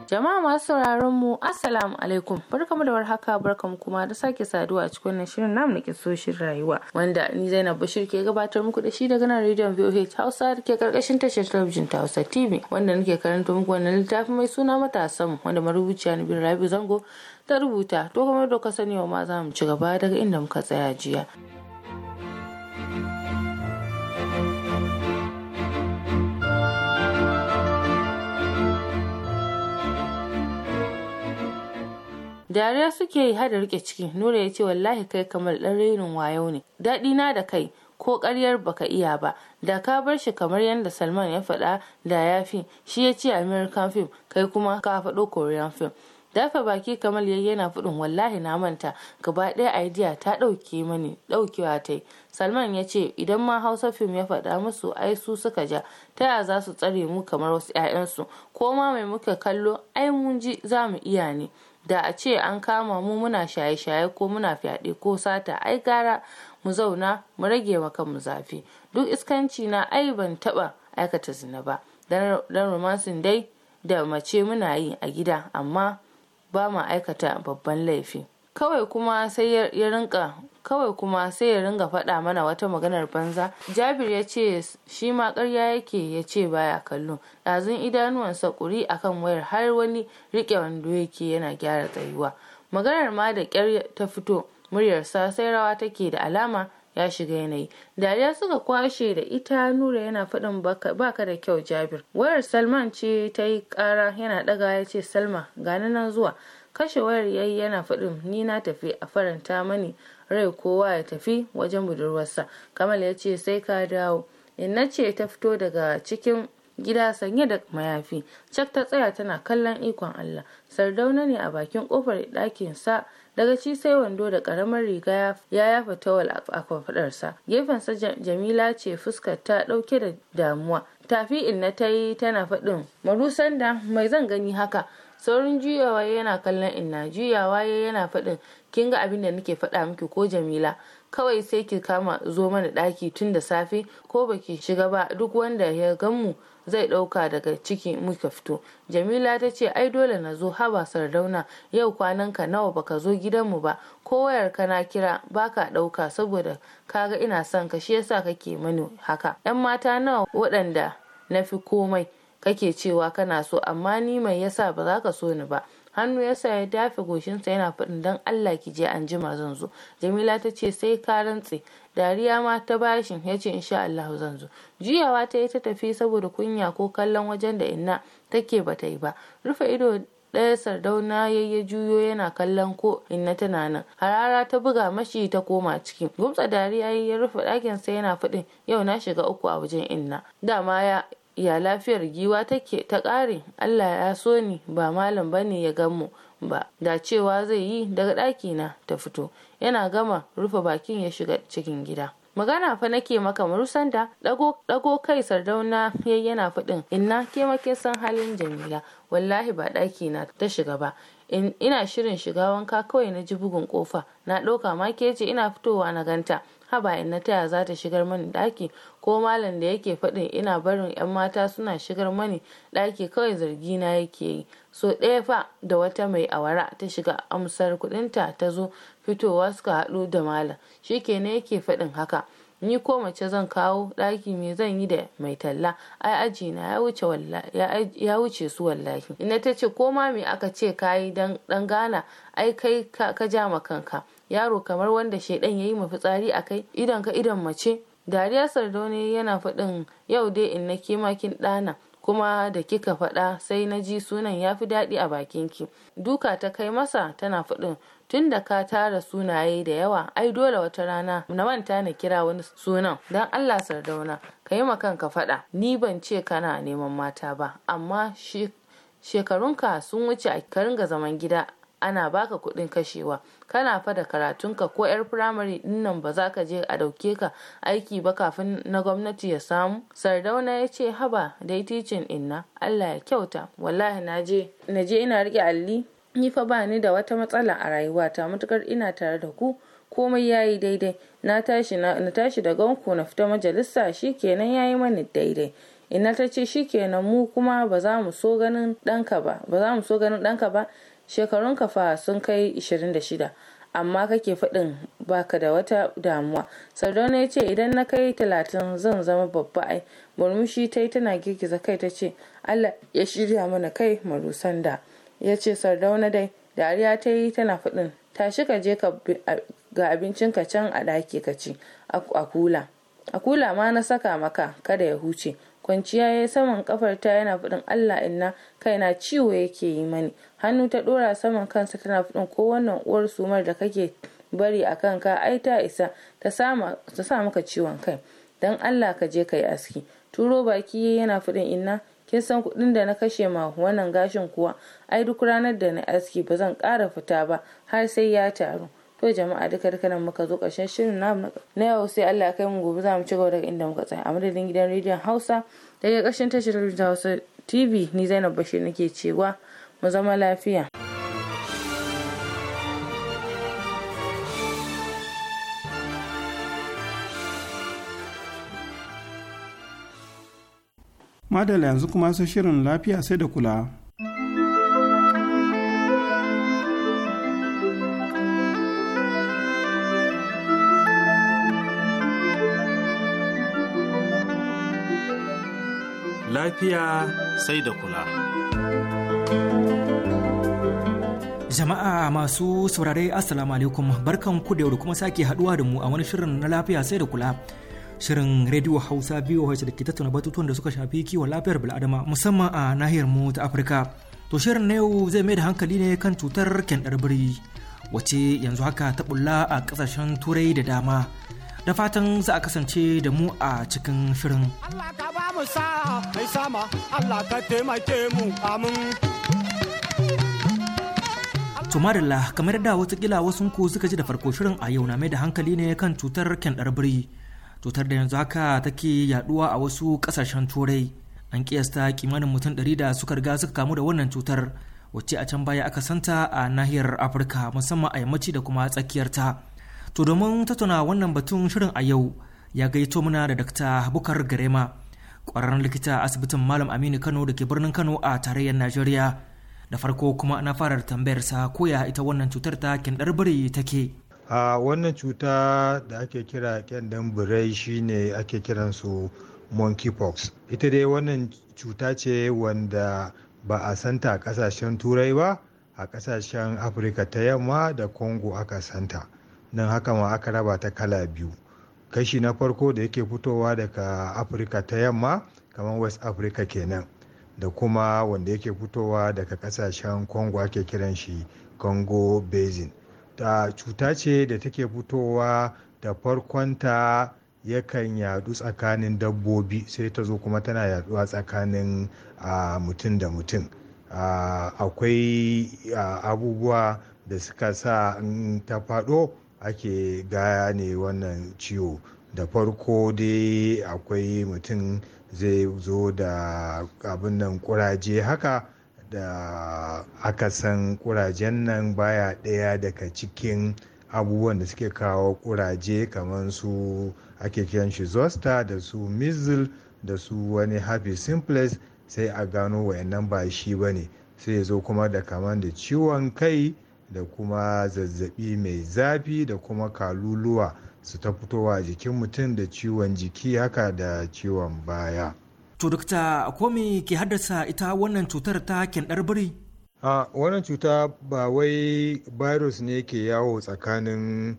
Jama'a masu sauraron mu Assalamu alaikum. Barkamu da warhaka barkamu kuma da sake saduwa a cikin wannan shirin namu na kisoshin rayuwa wanda ni Zainab Bashir ke gabatar muku da shi daga nan rediyon VOH Hausa da ke karkashin tashar talabijin ta Hausa TV wanda nake karanta muku wannan littafi mai suna matasan wanda marubuciya Nabin Rabi Zango ta rubuta to kamar da ka sani ma za mu ci gaba daga inda muka tsaya jiya. dariya suke yi hada rike ciki nura ya ce wallahi kai kamar dan renin wayo ne daɗi na da kai ko ƙaryar baka iya ba da ka bar shi kamar yadda salman ya faɗa da ya fi shi ya ce american film kai kuma ka faɗo korean film dafa baki kamar yayi yana faɗin wallahi na manta gaba ɗaya idea ta ɗauke mani ɗaukewa ta yi salman ya ce idan ma hausa fim ya faɗa musu ai su suka ja ta ya za su tsare mu kamar wasu 'ya'yansu ko ma mai muka kallo ai mun ji za mu iya ne da a ce an kama mu muna shaye-shaye ko muna fyaɗe ko sata ai gara mu zauna mu rage wa kanmu zafi duk iskanci na ai ban taɓa aikata zina ba dan romansin dai da mace muna yi a gida amma ba ma aikata babban laifi kawai kuma sai ya rinka kawai kuma sai ya ringa faɗa mana wata maganar banza jabir ya ce shi ma karya yake ya ce baya kallo ɗazun idanuwansa ƙuri akan wayar har wani riƙe wando yake yana gyara tsayuwa maganar ma da ƙyar ta fito muryar sa sai rawa take da alama ya shiga yanayi dariya suka kwashe da ita nura yana faɗin baka da kyau jabir wayar salman ce ta yi ƙara yana ɗaga ya ce salma gani nan zuwa kashe wayar yayi yana faɗin ni na tafi a faranta mani rai kowa ya tafi wajen budurwarsa kamal ya ce sai ka dawo inna ce ta fito daga cikin gida sanye da mayafi cak ta tsaya tana kallon ikon allah sardauna ne a bakin kofar sa daga ci sai wando da ƙaramar riga ya yafa tawal a kwafadarsa gefensa jamila ce fuskar ta ɗauke da damuwa tafi inna ta yi tana faɗin marusan da mai zan gani haka saurin juya waye yana kallon inna juya waye yana faɗin kin ga abin da nake faɗa miki ko jamila kawai sai ki kama zo mana ɗaki tun da safe ko baki shiga ba duk wanda ya ganmu zai ɗauka daga ciki muka fito jamila ta ce ai dole na zo haba sardauna yau kwanan ka nawa baka zo gidan mu ba ko wayar ka na kira baka ɗauka saboda ka ga ina son ka shi yasa kake mani haka yan mata nawa waɗanda na fi komai kake cewa kana so amma ni mai yasa ba za ka so ni ba hannu yasa ya dafe goshinsa yana faɗin don Allah ki je an jima zan zo Jamila ta ce sai ka rantse dariya ma ta bashin ya ce insha Allah zan zo juyawa ta yi ta tafi saboda kunya ko kallon wajen da inna take bata yi ba rufe ido ɗaya sardauna ya ya juyo yana kallon ko inna tana nan harara ta buga mashi ta koma ciki gumtsa dariya ya rufe ɗakinsa yana faɗin yau na shiga uku a wajen inna dama ya ya lafiyar giwa take ta ƙare Allah ya so ni ba malam bane ya gan mu ba da cewa zai yi daga ɗaki na ta fito yana gama rufe bakin ya shiga cikin gida magana fa nake maka marusanda dago kai sardauna ya yana faɗin inna ke make san halin jamila wallahi ba ɗaki na ta shiga ba ina shirin shiga wanka kawai na ji bugun kofa na ɗauka ma ke ce ina fitowa na ganta haba in na taya za ta shigar mani ɗaki ko malam da yake faɗin ina barin 'yan mata suna shigar mani ɗaki kawai zargi na yake yi so ɗaya fa da wata mai awara ta shiga amsar kudinta ta zo fitowa suka haɗu da malam shikenan yake faɗin haka ni ko mace zan kawo ɗaki me zan yi da mai talla ai aji na ya wuce ya wuce su wallahi ina ta ce ko ma me aka ce kayi dan gana ai kai ka ja ma kanka yaro kamar wanda shaidan ya yi mafitsari a kai idan ka idan mace dariya sardauni yana faɗin yau dai in na kemakin ɗana kuma da kika faɗa sai na ji sunan ya fi daɗi a bakin ki duka ta kai masa tana faɗin tun da ka tara sunaye da yawa ai dole wata rana na manta na kira wani sunan don allah sardauna ka yi ka faɗa ni ban ce kana neman mata ba amma shekarunka sun wuce a ka ringa zaman gida ana baka kuɗin kashewa kana fa da karatunka ko 'yar firamare dinnan ba za ka je a ɗauke ka aiki ba kafin na gwamnati ya samu sardauna ya ce haba dai ticin inna allah ya kyauta wallahi na je na je ina riƙe alli ni fa ba ni da wata matsala a rayuwata matukar ina tare da ku komai ya yi daidai na tashi na tashi da ganku na fita majalisa shikenan ya yi mani daidai ina ta ce kenan mu kuma ba za mu so ganin ɗanka ba ba za mu so ganin ɗanka ba shekarunka fa sun kai 26 amma kake faɗin baka da wata damuwa sardauna ya ce idan na kai talatin zan zama babba ai murmushi ta yi tana girgiza kai ta ce allah ya shirya mana kai marusan da ya ce sardauna dai dariya ta yi tana faɗin tashi ka je ga ka can a ɗaki ka ci a a kula ma na saka maka kada ya huce kwanciya ya yi saman ta yana faɗin allah inna kaina ciwo yake yi mani hannu ta ɗora saman kansa tana faɗin ko wannan uwar sumar da kake bari a kanka ai ta isa ta sa maka ciwon kai don allah ka je ka yi aski turo baki yana faɗin inna kin san kuɗin da na kashe ma wannan gashin kuwa ai duk ranar da na aski ba zan ƙara fita ba har sai ya taru to jama'a duka duka nan muka zo ƙarshen shirin namu na yau sai Allah kai mu gobe za mu ci gaba daga inda muka tsaya a madadin gidan rediyon Hausa daga ƙarshen tashar rediyon Hausa TV ni Zainab Bashir nake cewa mu zama lafiya. Madalla yanzu kuma sai shirin lafiya sai da kula. lafiya sai da kula. Jama'a masu saurare Assalamu alaikum barkan ku da yau kuma sake haduwa da mu a wani shirin na lafiya sai da kula. Shirin Radio Hausa biyu da ke tattauna batutuwan da suka shafi kiwon lafiyar bil'adama musamman a nahiyar mu ta Afirka. To shirin na yau zai mai da hankali ne kan cutar kyandar biri wace yanzu haka ta bulla a kasashen turai da dama. Da fatan za a kasance da mu a cikin shirin. Allah mu sa'a mai sama Allah ka taimake mu amin. Tumarilla kamar da watakila wasu ku suka ji da farko shirin a yau na mai da hankali ne kan cutar kyandar biri. Cutar da yanzu haka take yaduwa a wasu kasashen turai. An kiyasta kimanin mutum ɗari da suka riga suka kamu da wannan cutar wacce a can baya aka santa a nahiyar Afirka musamman a yammaci da kuma tsakiyar ta To domin tattauna wannan batun shirin a yau ya gaito mana da Dr. Bukar Garema. ƙwararren likita a asibitin malam aminu kano da ke birnin kano a tarayyar najeriya da farko kuma na tambayar sa koya ita wannan cutar ta kindar biri take a wannan cuta da ake kira kyandan birai shine ake kiransu monkeypox ita dai wannan cuta ce wanda ba a santa a kasashen turai ba a kasashen afirka ta yamma da congo aka santa nan haka ma aka raba ta kala biyu kashi na farko da yake fitowa daga afirka ta yamma kamar west africa kenan da kuma wanda yake fitowa daga kasashen congo ake kiran shi congo basin ta cuta ce da take fitowa da farkonta yakan yadu tsakanin dabbobi sai ta zo kuma tana yaduwa tsakanin mutum da mutum akwai abubuwa da suka sa ta faɗo ake gane wannan ciwo da farko dai akwai mutum zai zo da abin nan kuraje haka da aka san kurajen nan baya ɗaya daga cikin abubuwan da suke kawo kuraje kamar su ake kiran shi zoster da su missile da su wani happy simplex sai a gano wayannan ba shi ba ne sai ya zo kuma da kamar da ciwon kai da kuma zazzabi mai zafi da kuma kaluluwa su ta fitowa jikin mutum da ciwon jiki haka da ciwon baya. To dokta komi ke haddasa ita wannan cutar ta kyandar biri? A wannan cuta ba wai virus ne ke yawo tsakanin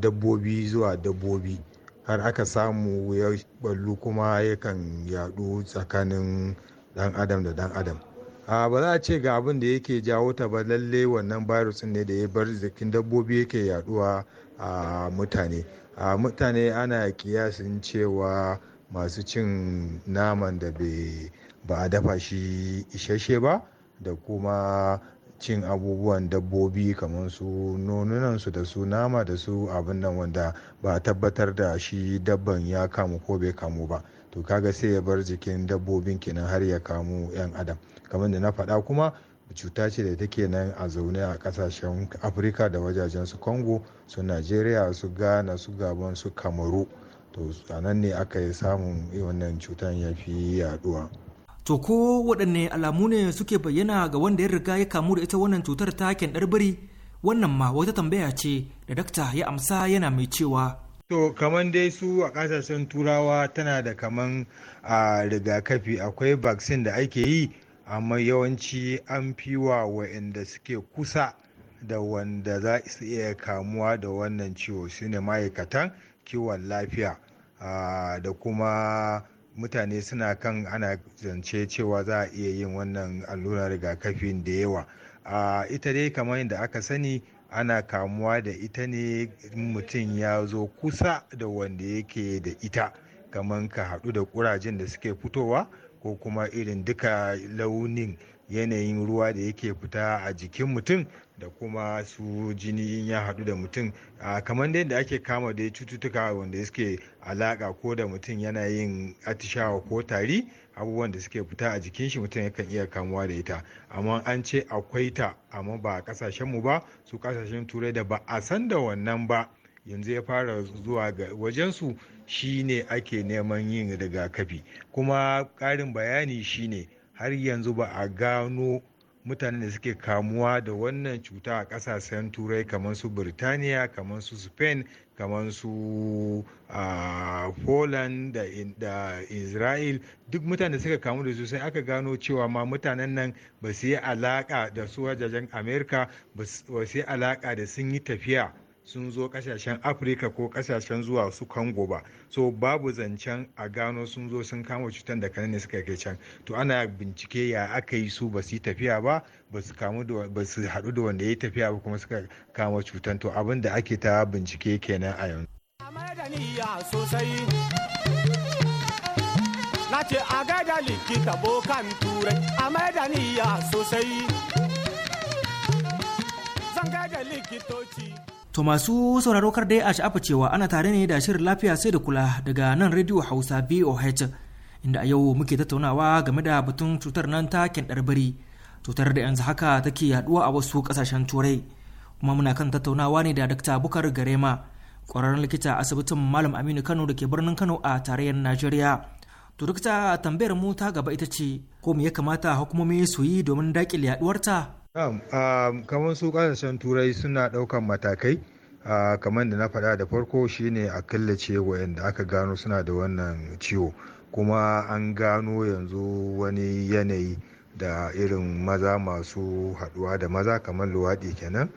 dabbobi zuwa dabbobi har aka samu ya ballu kuma yakan yaɗu tsakanin dan adam da dan adam. a ba za a ce ga abin da yake jawo ta ba lalle wannan virus ne da ya bar jikin dabbobi yake yaduwa a mutane a mutane ana kiyasin cewa masu cin naman da ba a dafa shi isasshe ba da kuma cin abubuwan dabbobi kamar su su da su nama da su abin nan wanda ba a tabbatar da shi dabban ya kamu ko bai kamu ba to kaga sai ya bar jikin dabbobin kenan har ya kamu 'yan adam kamar da na faɗa kuma cuta ce da take nan a zaune a kasashen afirka da wajajen su congo su nigeria su ghana su gabon su kamaru to a nan ne aka yi samun wannan cutan ya fi yaduwa to ko waɗanne alamu ne suke bayyana ga wanda ya riga ya kamu da ita wannan cutar ta haken biri wannan ma wata tambaya ce da dakta ya amsa yana mai cewa To kamar dai su a kasashen turawa tana da kaman a rigakafi akwai vaccine da ake yi amma yawanci an fi wa wa'anda suke kusa da wanda za su iya kamuwa da wannan ciwo shine ma'aikatan kiwon lafiya ah, da kuma mutane suna kan ana zance cewa za a iya yin wannan allurar rigakafin da yawa ah, ita dai kamar yadda aka sani ana kamuwa da ita ne mutum ya zo kusa da wanda yake da ita kamar ka haɗu da ƙurajen da suke fitowa ko kuma irin duka launin yanayin ruwa da yake fita a jikin mutum da kuma su jini in ya haɗu da mutum kamar dai da ake kama da cututtuka wanda suke alaƙa ko da mutum yana yin atishawa ko tari abubuwan da suke fita a jikin shi mutum yakan iya kamuwa da ita amma an ce akwai ta amma ba a ƙasashen ba su kasashen turai da ba a san da wannan ba yanzu ya fara zuwa ga wajensu shi ne ake neman yin rigakafi kuma ƙarin bayani shi ne har yanzu ba a gano mutanen da suke kamuwa da wannan cuta a ƙasashen turai kamar su birtaniya kamar su spain kamar su poland da israel duk mutanen da suka kamu da su sai aka gano cewa ma mutanen nan ba su yi alaƙa da su wajajen amerika ba su yi alaƙa da sun yi tafiya sun zo kasashen afirka ko kasashen zuwa su kango ba so babu zancen a gano sun zo sun kama cutar da kanan ne suka kai can to ana bincike ya aka yi su ba su yi tafiya ba ba su kamu da haɗu da wanda ya yi tafiya ba kuma suka kama cutar to abin da ake ta bincike kenan a yanzu na ce a gaida likita bokan turai a mai da niyya sosai zan gaida likitoci To masu sauraro kar ya a sha'afa cewa ana tare ne da shirin lafiya sai da kula daga nan rediyo Hausa VOH inda a yau muke tattaunawa game da batun cutar nan ta kyandar bari cutar da yanzu haka take yaduwa a wasu kasashen turai kuma muna kan tattaunawa ne da Dr. Bukar Garema kwararren likita asibitin Malam Aminu Kano da ke birnin Kano a tarayyar Najeriya. To Dr. tambayar mu ta gaba ita ce ko me ya kamata hukumomi su yi domin dakile yaduwarta kamar su kasashen turai suna ɗaukan matakai kamar da na faɗa da farko shine a killace wayanda aka gano suna da wannan ciwo kuma an gano yanzu wani yanayi da irin maza masu haɗuwa da maza kamar luwaɗi kenan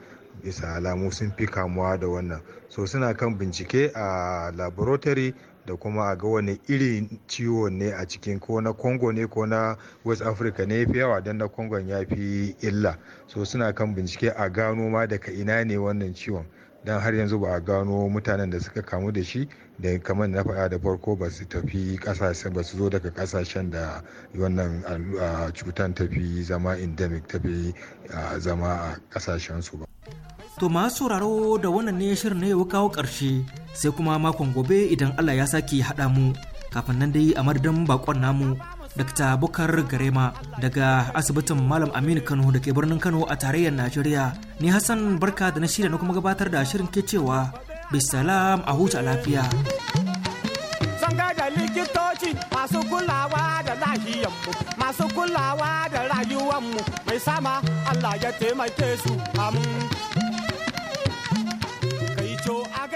bisa alamu sun fi kamuwa da wannan so suna kan bincike a laboratory da kuma a ga wani irin ciwo ne a cikin ko na congo ne ko na west africa ne fi yawa don na congo ya fi illa so suna kan bincike a gano ma daga ina ne wannan ciwon don har yanzu ba a gano mutanen da suka kamu da shi da kamar na faɗa da farko ba su tafi kasashen ba su zo daga kasashen da wannan ah, cutan tafi zama endemic tafi ah, zama a kasashen su ba To masu sauraro da wannan ne shirin ne ya kawo ƙarshe sai kuma makon gobe idan Allah ya sake haɗa mu kafin nan dai a madadin bakon namu Dr. Bukar Garema daga asibitin Malam Aminu Kano da ke birnin Kano a tarayyar Najeriya. Ni Hassan Barka da na shirya na kuma gabatar da shirin ke cewa bisalam a huta lafiya. da likitoci masu kulawa da lahiyanmu, masu kulawa da rayuwanmu mai sama Allah ya taimake su amin.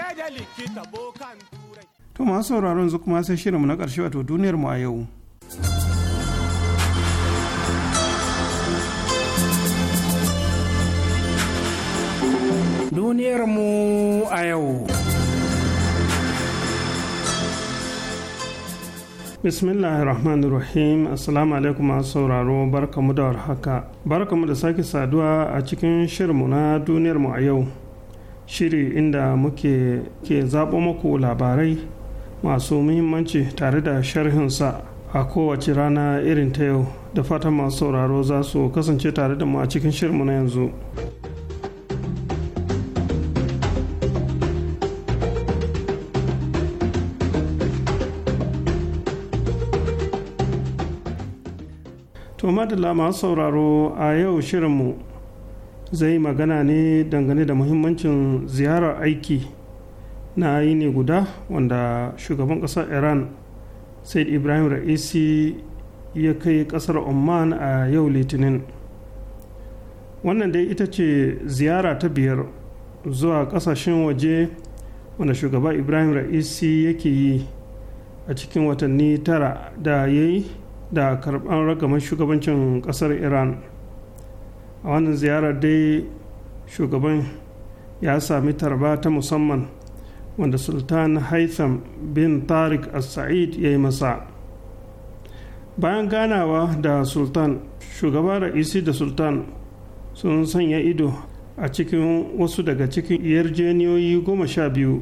gaida likita bokan turai. To masu sauraron zu kuma sai shirinmu na ƙarshe wato duniyar mu a yau. Duniyar mu a yau. bismillahir rahmanir rahim assalamu alaikum masu sauraro barkamu da warhaka barkamu da sake saduwa a cikin shirmu na duniyar mu a yau shiri inda muke ke zaɓo muku labarai masu muhimmanci tare da sharhinsa a kowace rana irin ta yau da fata masu sauraro za su kasance tare da mu a cikin shirinmu na yanzu. To madalla masu sauraro a yau shirinmu zai magana ne dangane da muhimmancin ziyarar aiki na yini guda wanda shugaban kasar iran said ibrahim ra'isi ya kai ƙasar oman a yau litinin wannan dai ita ce ziyara ta biyar zuwa kasashen waje wanda shugaba ibrahim ra'isi yake yi a cikin watanni tara da yayi da karɓar ragaman shugabancin ƙasar iran a wannan ziyarar dai shugaban ya sami tarba ta musamman wanda sultan haitham bin tariq al-sa'id ya yi masa bayan ganawa da sultan shugaba ra'isi da sultan sun sanya ido a cikin wasu daga cikin yarjeniyoyi goma sha biyu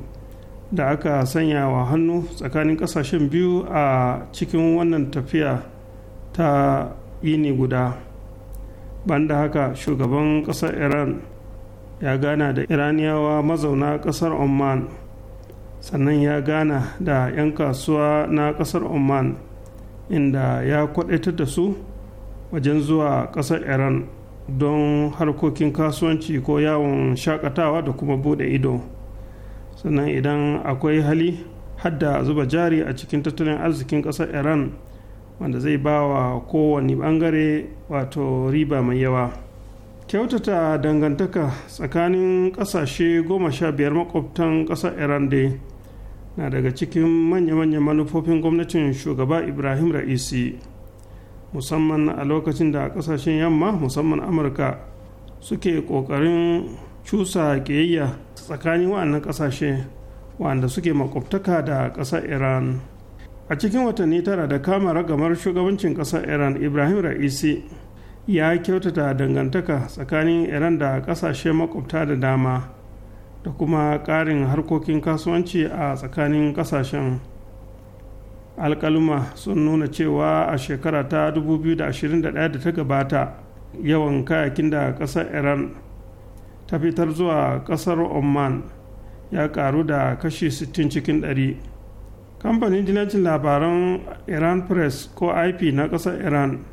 da aka sanya wa hannu tsakanin kasashen biyu a cikin wannan tafiya ta yini guda banda haka shugaban kasar iran ya gana da iraniyawa mazauna kasar oman sannan ya gana da 'yan kasuwa na kasar oman inda ya kwadaitar da su wajen zuwa ƙasar iran don harkokin kasuwanci ko yawon shakatawa da kuma bude ido sannan idan akwai hali hadda zuba jari a cikin tattalin arzikin ƙasar iran wanda zai ba wa kowane bangare wato riba mai yawa kyautata dangantaka tsakanin kasashe goma sha biyar makwabtan ƙasar iran dai na daga cikin manya-manyan manufofin gwamnatin shugaba ibrahim ra'isi musamman a lokacin da kasashen yamma musamman amurka suke ƙoƙarin cusa ƙiyayya tsakanin wa'annan ƙasashe wanda suke makwabtaka da ƙasar iran a cikin watanni tara da kama ragamar shugabancin ƙasar iran ibrahim ra'isi ya kyautata dangantaka tsakanin iran da ƙasashe makwabta da dama da kuma ƙarin harkokin kasuwanci a tsakanin ƙasashen alƙaluma sun nuna cewa a shekara ta 2021 da ta gabata yawan kayakin da ƙasar iran ta fitar zuwa ƙasar oman ya ƙaru da kashi 60 cikin ɗari. kamfanin jinajin labaran iran press ko ip na ƙasar iran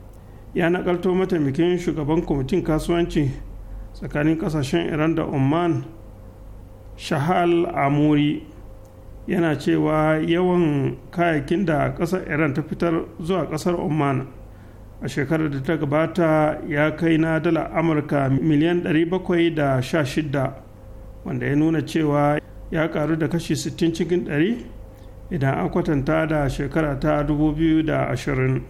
ya nakalto mataimakin shugaban kwamitin kasuwanci tsakanin ƙasashen iran da oman shahal amuri yana cewa yawan kayayyakin da ƙasar iran ta fitar zuwa ƙasar oman a shekarar da ta gabata ya kai na dala amurka miliyan 716 wanda ya nuna cewa ya karu da kashi 60 cikin 100 idan an kwatanta da shekara ta 2020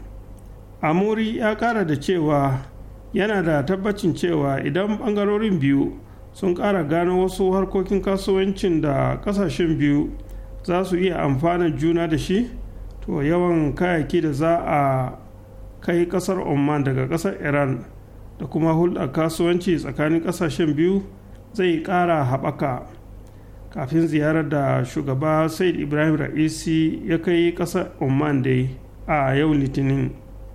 amuri ya kara da cewa yana da tabbacin cewa idan bangarorin biyu sun kara gano wasu harkokin kasuwancin da kasashen biyu za su iya amfana juna da shi to yawan kayaki da za a kai kasar oman daga kasar iran da kuma hulɗar kasuwanci tsakanin kasashen biyu zai ƙara haɓaka kafin ziyarar da shugaba said ibrahim ra'isi ya kai ƙasar oman dai a yau litinin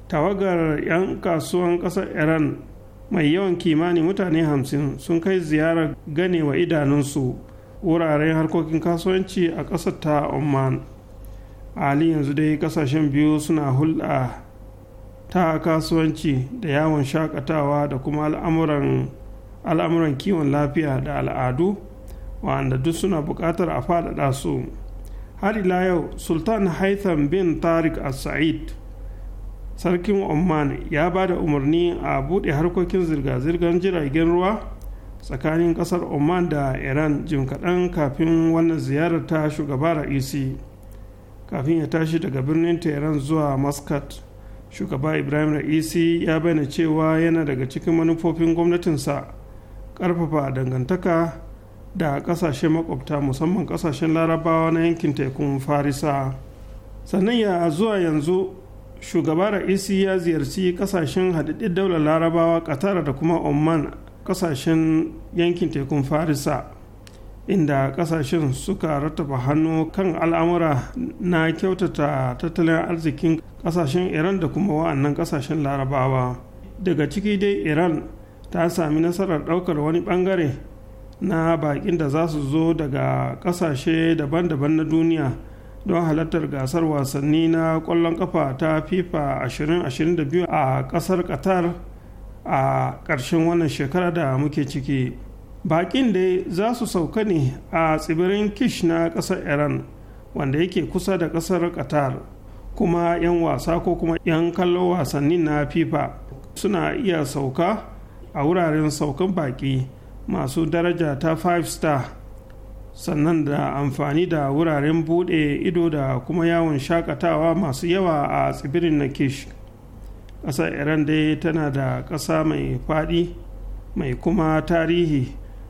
tawagar 'yan kasuwan ƙasar iran mai yawan kimani mutane hamsin sun kai ziyarar ganewa idanunsu wuraren harkokin kasuwanci a kasar ta oman ali yanzu dai kasashen biyu suna hulɗa ta kasuwanci da yawon shakatawa da kuma al'amuran kiwon lafiya da al'adu wanda duk suna buƙatar a faɗaɗa su har ila yau sultan haitham bin tariq al-sa'id sarkin oman ya ba da umarni a buɗe harkokin zirga-zirgar jiragen ruwa tsakanin ƙasar oman da iran jim kaɗan kafin wannan ziyarar ta shugaba ra'isi kafin ya tashi daga birnin tehran zuwa muscat shugaba ibrahim ra'isi ya bayyana cewa yana daga cikin manufofin gwamnatinsa ƙarfafa dangantaka da kasashe makwabta musamman kasashen larabawa na yankin tekun farisa sannan ya zuwa yanzu shugaba ra'isi ya ziyarci kasashen hadaddin daular larabawa katara da kuma oman kasashen yankin tekun farisa inda kasashen suka rattaba hannu kan al'amura na kyautata tattalin arzikin kasashen iran da kuma wa'annan kasashen larabawa daga ciki dai iran ta sami nasarar daukar wani bangare na bakin da za su zo daga kasashe daban-daban na duniya don halartar gasar wasanni na ƙwallon kafa ta fifa 2022 a ƙasar qatar a ƙarshen wannan shekara da muke ciki bakin dai za su sauka ne a tsibirin kish na ƙasar iran wanda yake kusa da ƙasar qatar kuma 'yan wasa ko kuma 'yan kallon wasannin na fifa suna iya sauka a wuraren saukan baki masu daraja ta 5 star sannan da amfani da wuraren bude ido da kuma yawon shakatawa masu yawa a tsibirin na kish ƙasar iran dai tana da ƙasa mai faɗi mai kuma tarihi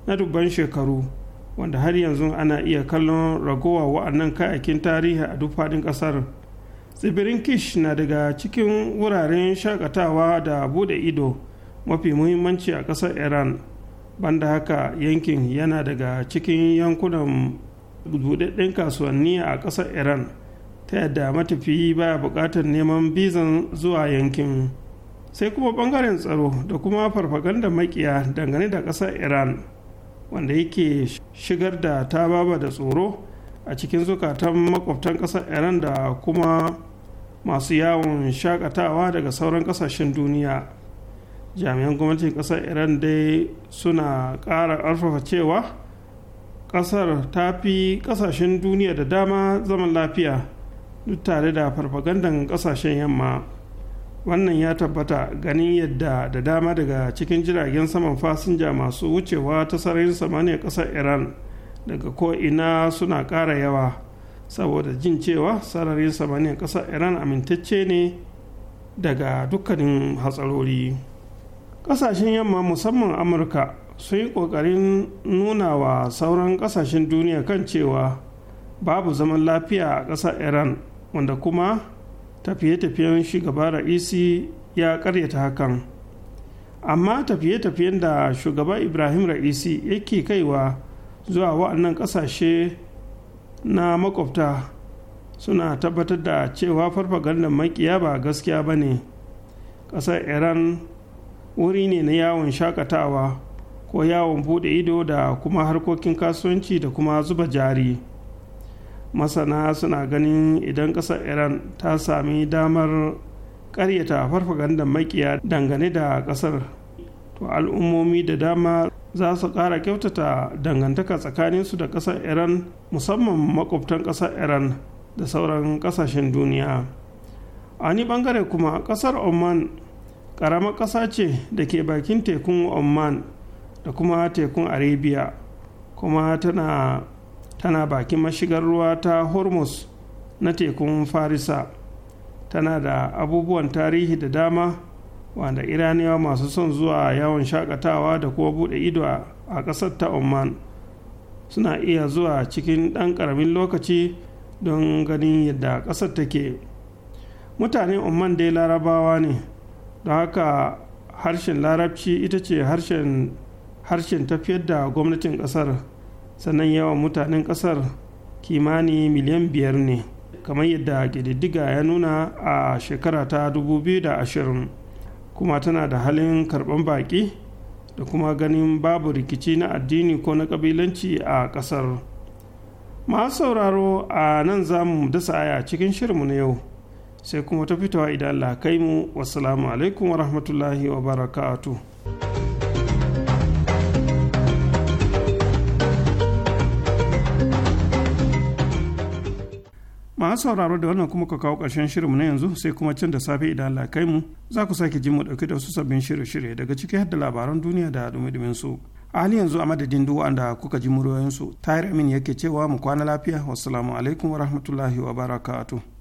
na dubban shekaru wanda har yanzu ana iya kallon ragowa wa'annan kayakin tarihi a duk faɗin ƙasar tsibirin kish na daga cikin wuraren shakatawa da bude ido mafi muhimmanci a ƙasar iran banda haka yankin yana daga cikin yankunan buɗaɗɗen kasuwanni a ƙasar iran ta yadda matafiyi baya buƙatar neman bizan zuwa yankin sai kuma ɓangaren tsaro da kuma farfaganda makiya dangane da ƙasar iran wanda yake shigar da ta baba da tsoro a cikin zukatan makwabtan ƙasar iran da kuma masu yawon shakatawa daga sauran ƙasashen duniya. jami'an gwamnatin kasar iran dai suna ƙara ƙarfafa cewa ƙasar ta fi kasashen duniya da dama zaman lafiya duk tare da farfagandan kasashen yamma wannan ya tabbata ganin yadda da dama daga cikin jiragen saman fasinja masu wucewa ta sararin samaniya kasar iran daga ko'ina suna ƙara yawa saboda jin cewa sararin samaniya kasar iran amintacce ne daga dukkanin hatsarori. kasashen yamma musamman amurka sun yi ƙoƙarin nuna wa sauran kasashen duniya kan cewa babu zaman lafiya a ƙasar iran wanda kuma tafiye-tafiyen shugaba ra'isi ya karyata hakan amma tafiye-tafiyen da shugaba ibrahim ra'isi yake kaiwa zuwa wa'annan ƙasashe na makwabta suna tabbatar da cewa farfaganda makiya ba gaskiya ba ne ƙasar iran wuri ne na yawon shakatawa ko yawon bude ido da kuma harkokin kasuwanci da kuma zuba jari masana suna ganin idan ƙasar iran ta sami damar ƙaryata farfaganda makiya dangane da ƙasar to al'ummomi da dama za su ƙara kyautata dangantaka tsakaninsu da ƙasar iran musamman makwabtan ƙasar iran da sauran ƙasashen duniya a ni ɓangare kuma ƙasar oman ƙaramar ƙasa ce da ke bakin tekun oman da kuma tekun arabia kuma tana, tana bakin mashigar ruwa ta hormuz na tekun farisa tana da abubuwan tarihi da dama wanda iraniyawa masu son zuwa yawon shakatawa da kuma buɗe ido a ƙasar ta oman suna iya zuwa cikin ɗan ƙaramin lokaci don ganin yadda ƙasar take mutanen oman dai larabawa ne don haka harshen larabci ita ce harshen tafiyar da gwamnatin ƙasar sannan yawan mutanen ƙasar kimani miliyan biyar ne kamar yadda gididdiga ya nuna a shekara ta 2020 kuma tana da halin karɓar baƙi da kuma ganin babu rikici na addini ko na ƙabilanci a ƙasar masu sauraro a nan zamu dasa aya cikin shirinmu na yau sai kuma ta fitowa idan Allah kai mu wasalamu alaikum wa rahmatullahi wa barakatu. masu sauraro da wannan kuma ka kawo ƙarshen shirin na yanzu sai kuma can da safe idan Allah kai mu za ku sake jin mu ɗauki da wasu sabbin shirye-shirye daga ciki har da labaran duniya da dumi su a hali yanzu a madadin duk wanda kuka ji muryoyinsu tahir amin yake cewa mu kwana lafiya wassalamu alaikum wa rahmatullahi wa barakatuh